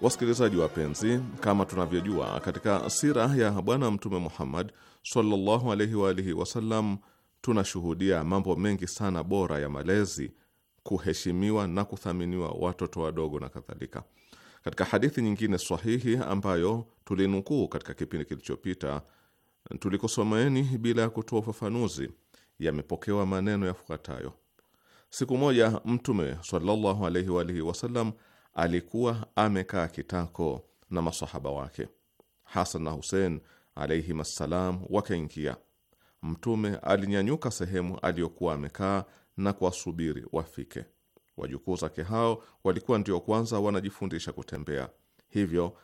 Wasikilizaji wapenzi, kama tunavyojua, katika sira ya Bwana Mtume Muhammad sallallahu alaihi wa alihi wasallam tunashuhudia mambo mengi sana bora ya malezi kuheshimiwa na kuthaminiwa watoto wadogo na kadhalika. Katika hadithi nyingine sahihi ambayo tulinukuu katika kipindi kilichopita tulikusomeni bila ya kutoa ufafanuzi, yamepokewa maneno yafuatayo: siku moja Mtume sallallahu alaihi wasallam alikuwa amekaa kitako na masahaba wake. Hasan na Husein alaihim assalam wakaingia. Mtume alinyanyuka sehemu aliyokuwa amekaa na kuwasubiri wafike. Wajukuu zake hao walikuwa ndio kwanza wanajifundisha kutembea, hivyo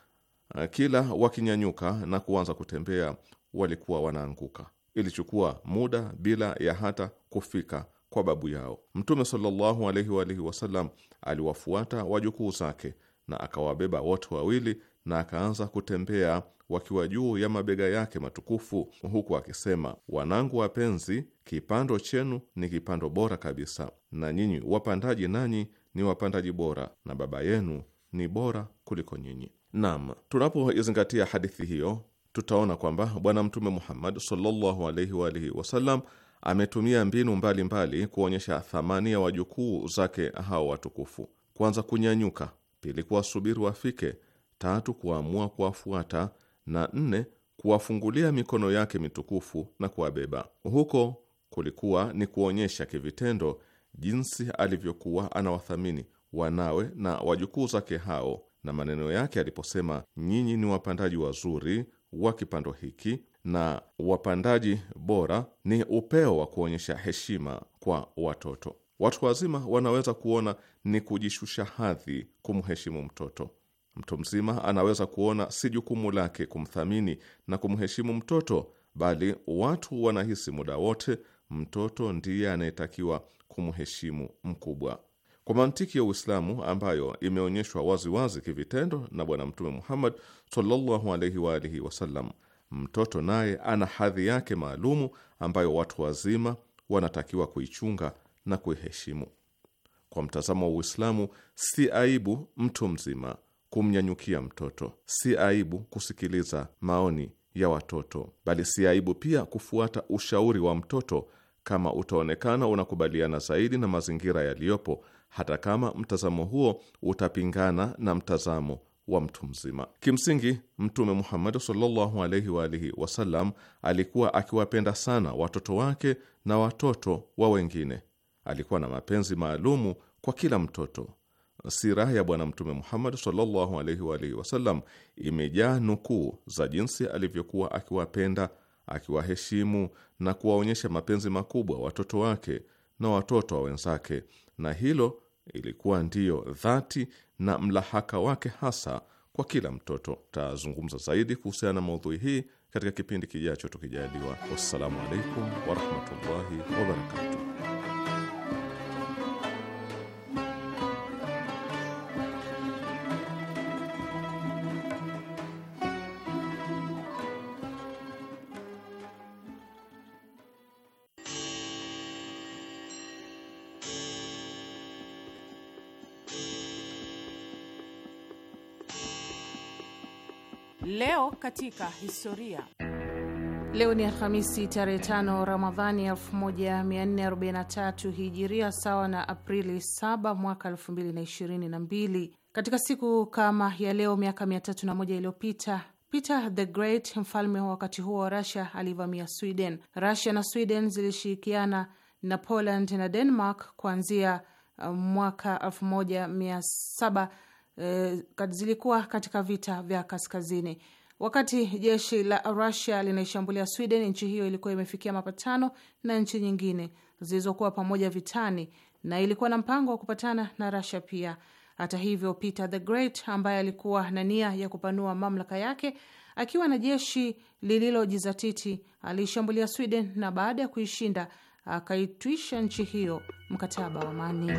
eh, kila wakinyanyuka na kuanza kutembea walikuwa wanaanguka. Ilichukua muda bila ya hata kufika kwa babu yao. Mtume sallallahu alaihi wa alihi wasallam aliwafuata wajukuu zake na akawabeba wote wawili na akaanza kutembea wakiwa juu ya mabega yake matukufu, huku akisema: wanangu wapenzi, kipando chenu ni kipando bora kabisa, na nyinyi wapandaji, nanyi ni wapandaji bora, na baba yenu ni bora kuliko nyinyi. Naam, tunapoizingatia hadithi hiyo tutaona kwamba Bwana Mtume Muhammad sallallahu alaihi wa alihi wasallam ametumia mbinu mbalimbali mbali kuonyesha thamani ya wajukuu zake hao watukufu: kwanza, kunyanyuka; pili, kuwasubiri wafike; tatu, kuamua kuwafuata; na nne kuwafungulia mikono yake mitukufu na kuwabeba. Huko kulikuwa ni kuonyesha kivitendo jinsi alivyokuwa anawathamini wanawe na wajukuu zake hao, na maneno yake aliposema, nyinyi ni wapandaji wazuri wa kipando hiki na wapandaji bora, ni upeo wa kuonyesha heshima kwa watoto. Watu wazima wanaweza kuona ni kujishusha hadhi kumheshimu mtoto. Mtu mzima anaweza kuona si jukumu lake kumthamini na kumheshimu mtoto, bali watu wanahisi muda wote mtoto ndiye anayetakiwa kumheshimu mkubwa. Kwa mantiki ya Uislamu ambayo imeonyeshwa waziwazi kivitendo na Bwana Mtume Muhammad sallallahu alaihi wa alihi wasallam, mtoto naye ana hadhi yake maalumu ambayo watu wazima wanatakiwa kuichunga na kuiheshimu. Kwa mtazamo wa Uislamu, si aibu mtu mzima kumnyanyukia mtoto. Si aibu kusikiliza maoni ya watoto, bali si aibu pia kufuata ushauri wa mtoto kama utaonekana unakubaliana zaidi na mazingira yaliyopo, hata kama mtazamo huo utapingana na mtazamo wa mtu mzima. Kimsingi, Mtume Muhammad sallallahu alaihi wa alihi wasallam alikuwa akiwapenda sana watoto wake na watoto wa wengine. Alikuwa na mapenzi maalumu kwa kila mtoto Sira ya Bwana Mtume Muhammad sallallahu alaihi wa alihi wasallam imejaa nukuu za jinsi alivyokuwa akiwapenda, akiwaheshimu na kuwaonyesha mapenzi makubwa watoto wake na watoto wa wenzake, na hilo ilikuwa ndiyo dhati na mlahaka wake hasa kwa kila mtoto. Tazungumza zaidi kuhusiana na maudhui hii katika kipindi kijacho tukijaliwa. Wassalamu alaikum warahmatullahi wabarakatuh. katika historia. Leo ni Alhamisi tarehe tano Ramadhani 1443 Hijiria, sawa na Aprili 7 mwaka 2022. Katika siku kama ya leo miaka 301 iliyopita Peter the Great, mfalme wa wakati huo wa Russia, alivamia Sweden. Russia na Sweden zilishirikiana na Poland na Denmark kuanzia uh, mwaka 1700 e, uh, zilikuwa katika vita vya kaskazini. Wakati jeshi la Rusia linaishambulia Sweden, nchi hiyo ilikuwa imefikia mapatano na nchi nyingine zilizokuwa pamoja vitani na ilikuwa na mpango wa kupatana na Rusia pia. Hata hivyo, Peter the Great ambaye alikuwa na nia ya kupanua mamlaka yake akiwa na jeshi lililojizatiti aliishambulia Sweden na baada ya kuishinda akaitwisha nchi hiyo mkataba wa amani.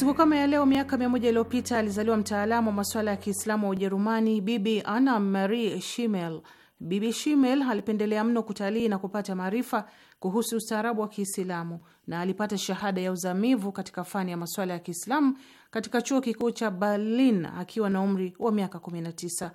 Siku kama ya leo miaka mia moja iliyopita alizaliwa mtaalamu wa masuala ya Kiislamu wa Ujerumani, Bibi Anna Marie Schimmel. Bibi Schimmel alipendelea mno kutalii na kupata maarifa kuhusu ustaarabu wa Kiislamu na alipata shahada ya uzamivu katika fani ya masuala ya Kiislamu katika chuo kikuu cha Berlin akiwa na umri wa miaka 19.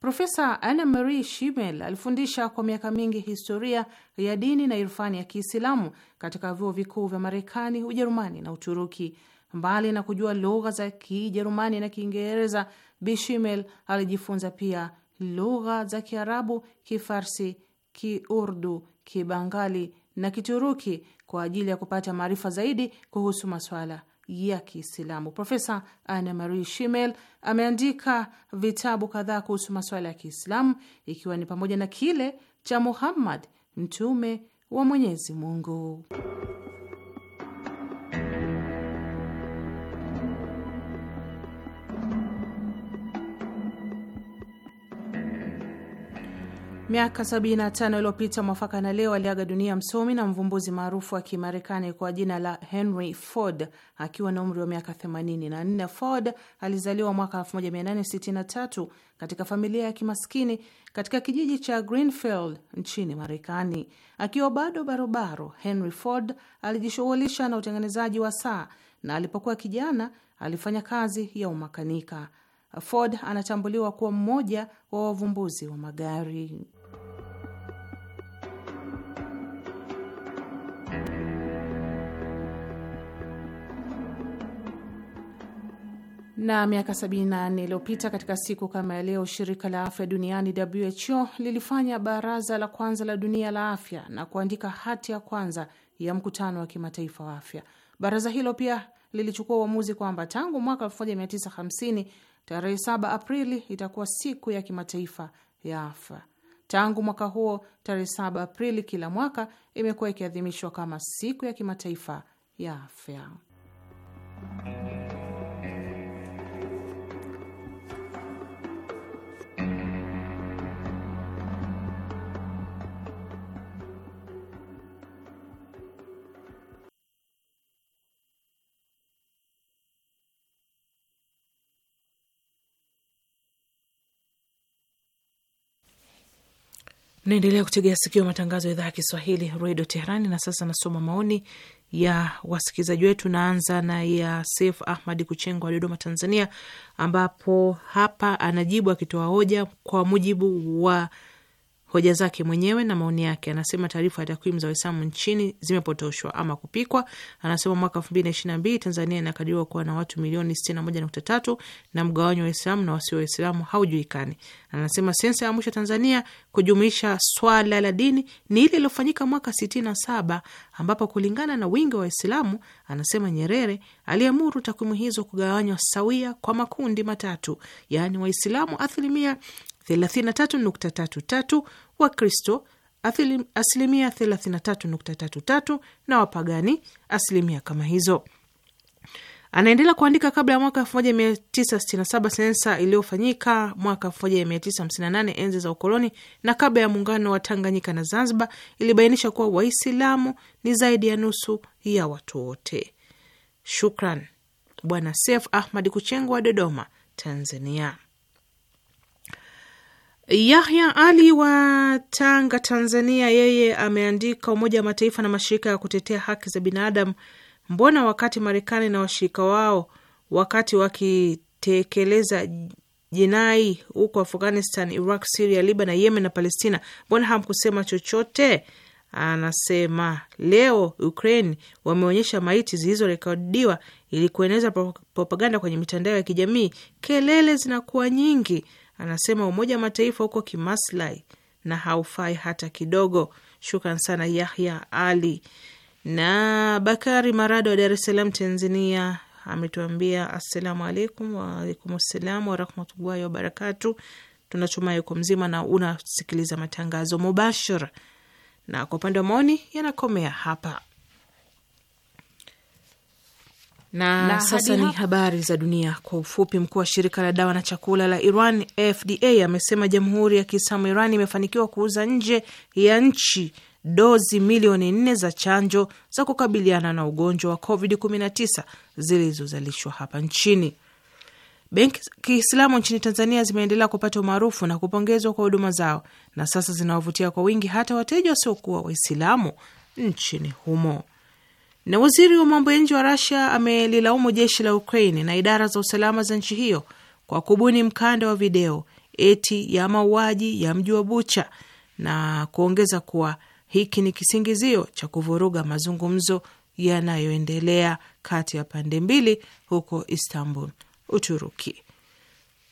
Profesa Anna Marie Schimmel alifundisha kwa miaka mingi historia ya dini na irfani ya Kiislamu katika vyuo vikuu vya Marekani, Ujerumani na Uturuki. Mbali na kujua lugha za Kijerumani na Kiingereza, Bishimel alijifunza pia lugha za Kiarabu, Kifarsi, Kiurdu, Kibangali na Kituruki kwa ajili ya kupata maarifa zaidi kuhusu maswala ya Kiislamu. Profesa Anna Marie shimel ameandika vitabu kadhaa kuhusu maswala ya Kiislamu, ikiwa ni pamoja na kile cha Muhammad, mtume wa Mwenyezi Mungu. Miaka 75 iliyopita mwafaka na leo aliaga dunia msomi na mvumbuzi maarufu wa Kimarekani kwa jina la Henry Ford akiwa na umri wa miaka 84. Ford alizaliwa mwaka 1863 katika familia ya kimaskini katika kijiji cha Greenfield nchini Marekani. Akiwa bado barobaro, Henry Ford alijishughulisha na utengenezaji wa saa na alipokuwa kijana alifanya kazi ya umakanika. Ford anatambuliwa kuwa mmoja wa wavumbuzi wa magari. Na miaka 78 iliyopita katika siku kama ya leo, shirika la afya duniani WHO lilifanya baraza la kwanza la dunia la afya na kuandika hati ya kwanza ya mkutano wa kimataifa wa afya. Baraza hilo pia lilichukua uamuzi kwamba tangu mwaka 1950 tarehe 7 Aprili itakuwa siku ya kimataifa ya afya. Tangu mwaka huo tarehe 7 Aprili kila mwaka imekuwa ikiadhimishwa kama siku ya kimataifa ya afya. Naendelea kutegea sikio matangazo ya idhaa ya Kiswahili redio Teherani. Na sasa nasoma maoni ya wasikilizaji wetu. Naanza na ya sef Ahmad Kuchengwa wa Dodoma, Tanzania, ambapo hapa anajibu akitoa hoja kwa mujibu wa hoja zake mwenyewe na maoni yake. Anasema taarifa ya takwimu za Waislamu nchini zimepotoshwa ama kupikwa. Anasema mwaka elfu mbili na ishirini na mbili Tanzania inakadiriwa kuwa na watu milioni sitini na moja nukta tatu na mgawanyo wa Waislamu na wasio Waislamu haujulikani. Anasema sensa ya mwisho Tanzania kujumuisha swala la dini ni ile iliyofanyika mwaka sitini na saba ambapo kulingana na wingi wa Waislamu, anasema Nyerere aliamuru takwimu hizo kugawanywa sawia kwa makundi matatu, yaani Waislamu asilimia 33.33, Wakristo asilimia 33.33 na wapagani asilimia kama hizo. Anaendelea kuandika kabla ya mwaka 1967 sensa iliyofanyika mwaka 1958 enzi za ukoloni na kabla ya muungano wa Tanganyika na Zanzibar ilibainisha kuwa Waislamu ni zaidi ya nusu ya watu wote. Shukran Bwana Sef Ahmad Kuchengwa, Dodoma, Tanzania. Yahya Ali wa Tanga, Tanzania, yeye ameandika, Umoja wa Mataifa na mashirika ya kutetea haki za binadamu, mbona wakati Marekani na washirika wao wakati wakitekeleza jinai huko Afghanistan, Iraq, Siria, Liban, Yemen na Palestina, mbona hamkusema chochote? Anasema leo Ukraine wameonyesha maiti zilizorekodiwa ili kueneza propaganda kwenye mitandao ya kijamii. Kelele zinakuwa nyingi Anasema Umoja wa Mataifa huko kimaslahi na haufai hata kidogo. Shukran sana Yahya Ali na Bakari Marado wa Dar es Salaam, Tanzania ametuambia assalamu alaikum. Waalaikum salam warahmatullahi wabarakatu. Tunatumai uko mzima na unasikiliza matangazo mubashara, na kwa upande wa maoni yanakomea hapa. Na, na sasa ni habari za dunia kwa ufupi. Mkuu wa shirika la dawa na chakula la Iran FDA amesema Jamhuri ya Kiislamu Iran imefanikiwa kuuza nje ya nchi dozi milioni nne za chanjo za kukabiliana na ugonjwa wa COVID-19 zilizozalishwa hapa nchini. Benki za Kiislamu nchini Tanzania zimeendelea kupata umaarufu na kupongezwa kwa huduma zao na sasa zinawavutia kwa wingi hata wateja wasiokuwa Waislamu nchini humo. Na waziri wa mambo ya nje wa Rasia amelilaumu jeshi la Ukraini na idara za usalama za nchi hiyo kwa kubuni mkanda wa video eti ya mauaji ya mji wa Bucha na kuongeza kuwa hiki ni kisingizio cha kuvuruga mazungumzo yanayoendelea kati ya pande mbili huko Istanbul, Uturuki.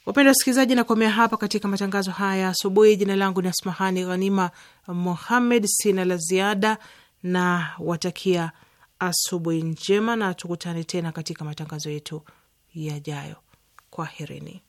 Wapenda wasikilizaji, nakomea hapa katika matangazo haya asubuhi. Jina langu ni Asmahani Ghanima Mohammed. Sina la ziada na watakia Asubuhi njema na tukutane tena katika matangazo yetu yajayo. Kwaherini.